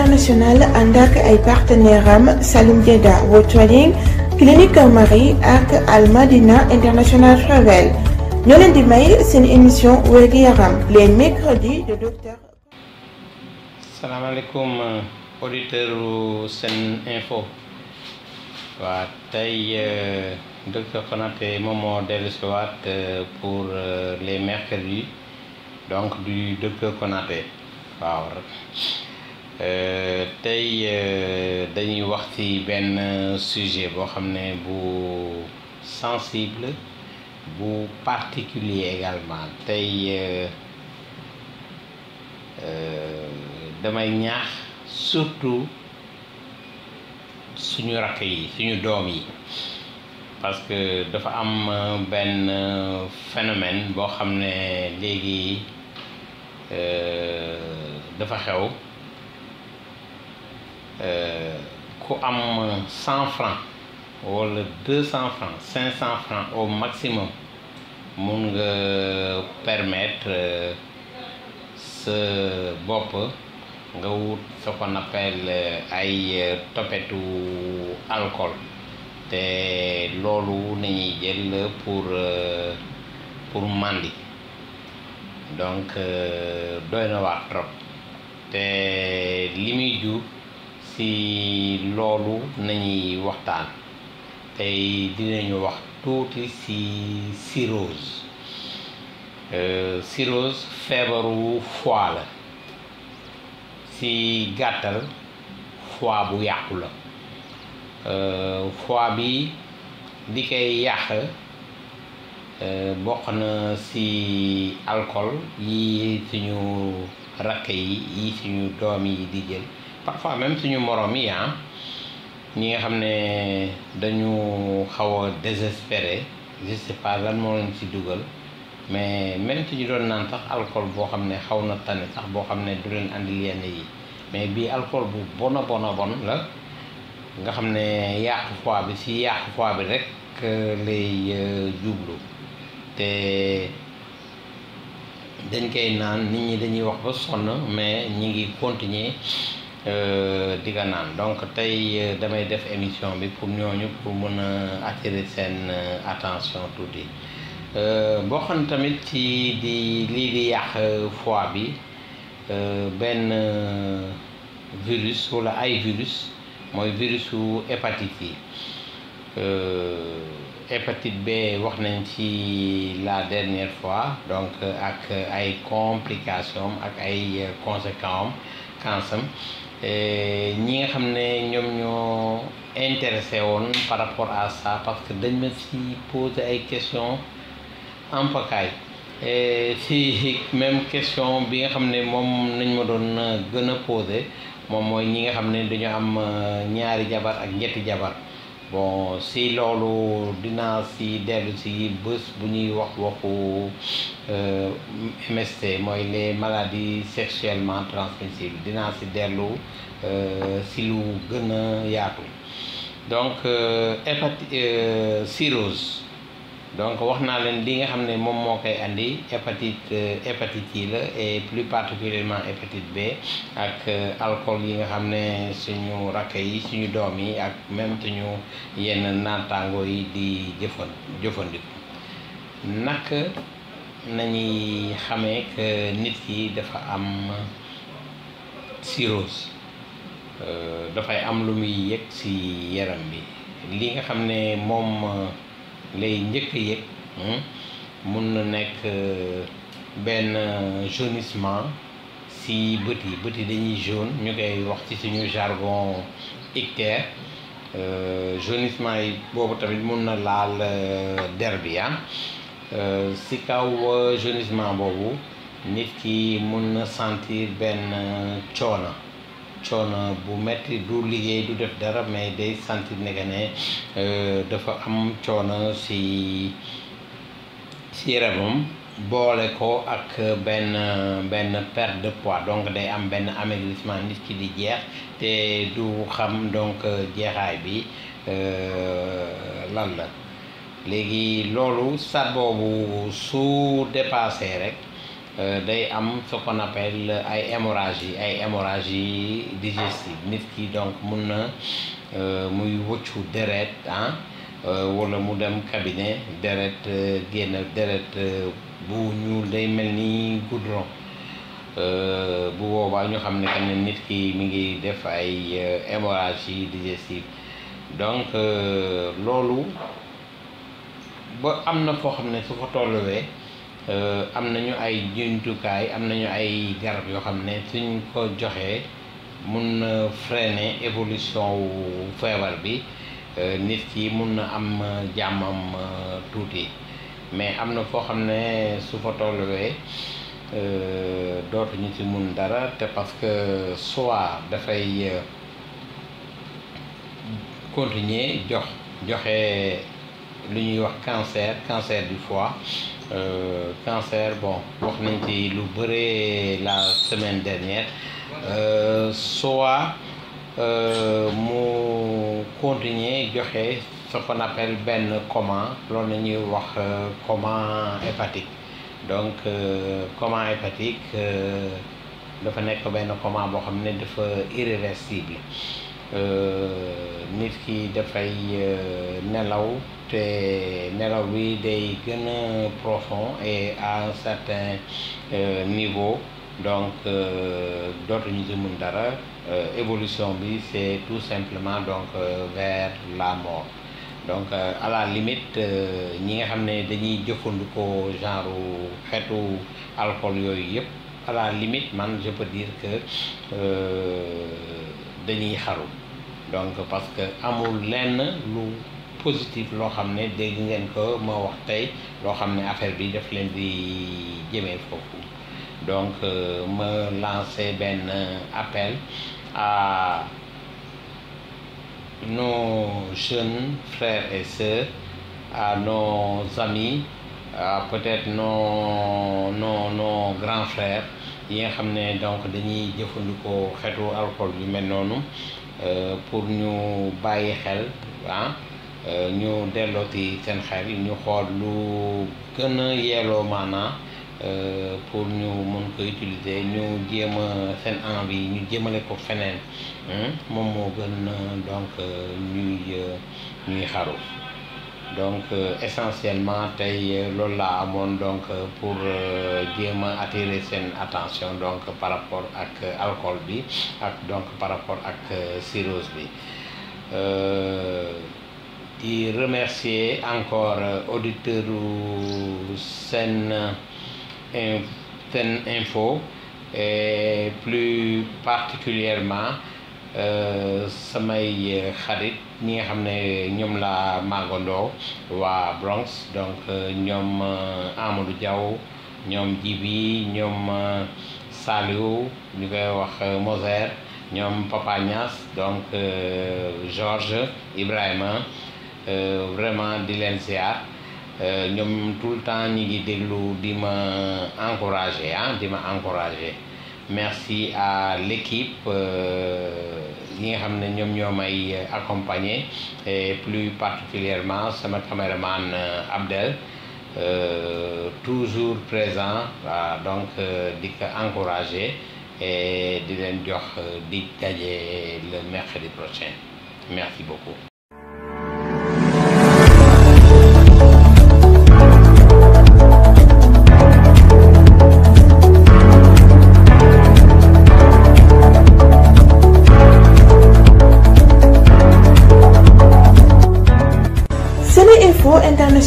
international ànd ak ay partenaire am Saloum Dieda World Trading Clinique Marie ak Almadina International Travel ñoo leen di may seen émission wérgu yaram les mercredis de docteur salaamaaleykum euh, auditeur Sen Info waa tey euh, docteur Konaté moom moo dellu si waat euh, pour les mercredis donc du docteur Konaté waaw Euh, tey euh, dañuy wax ci benn sujet boo xam ne bu sensible bu particulier également tey euh, damay ñaax surtout suñu rakk yi suñu doom yi parce que dafa am benn phénomène boo xam ne léegi dafa xew ku am cent francs wala deux cent francs au maximum mun nga permettre sa bopp nga wut ce qu'on appelle ay topetu alcool te loolu nañuy jël pour pour mandi donc doy na waar trop te li muy jur ci loolu nañuy waxtaan tey dinañu wax tuuti ci cirrhose euh, cirrhose feebaru foie la ci gàttal foie bu yàqu la euh, foie bi li koy yàq euh, bokk na ci alcool yi suñu rakk yi yi suñu doom yi di jël parfois même suñu moroom yi ah, ñi nga xam ne dañu xaw a désespéré je sais dugal mais même si ñu doon naan sax boo xam ne xaw na tane sax boo xam ne du leen andil yenn yi mais bii alcool bu bon a bon a bon la nga xam ne yàqu foie bi si yàqu foie bi rek euh, lay euh, jublu te dañ koy naan nit ñi dañuy wax ba sonn mais ñi ngi continuer Euh, di nga naan donc tey euh, damay def émission bi pour ñooñu pour mën a attirer seen euh, attention tuuti boo xam tamit ci di lii di yàq fois bi benn virus wala ay virus mooy virusu hépatite yi hépatite B wax nañ ci la dernière fois donc ak ay complication ak ay conséquences am Eh, ñi nga xam ne ñoom ñoo intéressé woon par rapport à ça parce que dañ ma si poser ay questions en pagaille eh, si même question bi nga xam ne moom nañ ma doon euh, gën a poser moom mooy ñi nga xam ne dañu am euh, ñaari jabar ak ñetti jabar bon si loolu dinaa si dellu si bés bu ñuy wax waxu euh, MST mooy les maladies sexuellement transmissibles dinaa si dellu euh, si lu gën a yaatu donc euh, hépatite cirrhose donc wax naa leen li nga xam ne moom moo koy indi hépatite euh, hépatite yi la et plus particulièrement hépatite B ak euh, alcool yi nga xam ne suñu rakk yi suñu doom yi ak même suñu yenn naataango yi di jëfan jëfandiku nak nañuy xamee que nit ki dafa am cirrhose euh, dafay am lu muy yëg ci yaram bi li nga xam ne moom. lay njëkk a hmm? mun na nekk euh, benn jaunissement si bët bëti bët yi dañuy jaune ñu koy wax ci suñu jargon ictère euh, jaunissement yi boobu tamit mun na laal euh, der bi ah si kaw jaunissement boobu nit ki mun na sentir benn coono. coono bu metti du liggéey du def dara mais day santi ne que ne euh, dafa am coono si si yaramam boole ko ak benn benn perte de poids donc day am benn amaigrissement nit ki di jeex te du xam donc euh, jeexaay bi euh, lan la léegi loolu sat boobu su dépassé rek Euh, day am ce qu'on appelle euh, ay hémorragie ay hémorragie digestive nit ki donc mun na euh, muy wëccu deret ah wala mu dem cabinet deret génn deret bu ñuul day mel ni goudron bu boobaa ñu xam ne que ne nit ki mi ngi def ay hémorragie digestive donc loolu ba am na foo xam ne su ko tolluwee. Euh, am nañu ay jumtukaay am nañu ay garab yoo xam ne suñ ko joxee mun na freiner évolution wu feebar bi euh, nit ki mun na am euh, jàmmam tuuti mais am na foo xam ne su fa tolluwee dootuñu ci mun dara te parce que soit dafay continuer jox joxe lu ñuy wax cancer cancer du fois Euh, cancer bon wax nañ ci lu bëree la semaine dernière euh, soit euh, mu continuer joxe ce qu'on appelle benn comment loolu la ñuy wax coma hépatique donc coma hépatique dafa nekk benn coma boo xam ne dafa irréversible Euh, nit ki dafay euh, nelaw te nelaw bi day gën a profond et à un certain euh, niveau donc dootuñu ci mën dara évolution bi c'est tout simplement donc vers la mort donc à la limite ñi nga xam ne dañuy jëfandikoo genre xeetu alcool yooyu yëpp à la limite man je peux dire que dañuy xaru donc parce que amul lenn lu positif loo xam ne dégg ngeen ko ma wax tey loo xam ne affaire bi daf leen di jëmee foofu donc euh, ma lancé benn appel à nos jeunes frères et sœurs à no amis à peut-être nos nos nos grands frères yi nga xam ne donc dañuy jëfandikoo xetu alcool yu mel noonu euh, pour ñu bàyyi xel ah euh, ñu dellooti seen xel ñu xool lu gën a yeeloo maanaa euh, pour ñu mën ko utiliser ñu jéem a seen envie ñu jéemale ko feneen hmm, moom moo gën donc ñuy ñuy xaru donc euh, essentiellement tey euh, loolu laa amoon donc euh, pour jéem a attirer seen attention donc par rapport ak alcool bi ak donc par rapport ak cirrhose bi di remercier encore auditeur u seen seen info et plus particulièrement Euh, samay euh, xarit ñi nga xam ne ñoom laa màggandoo waa Bronx donc euh, ñoom Amadou Diaw ñoom Jibi ñoom Saliou ñu koy wax Moser ñoom Papa Niass donc Georges Ibrahima vraiment di leen ziar. ñoom tout le temps ñi ngi déglu di ma encouragé ah di ma encouragé merci à l'équipe yi euh, nga xam ne ñoom ñoo ay accompagner et plus particulièrement sama caméraman euh, Abdel euh, toujours présent waaw donc di ko encourager et di leen jox di daje le mercredi prochain merci beaucoup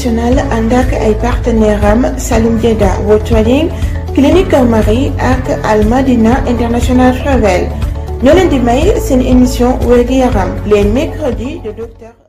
national ànd ak ay partenaire am Salim Dieda World Trading Clinique Marie ak Al Madina International Travel ñoo leen di may seen émission wér-gu-yaram les mercredis de docteur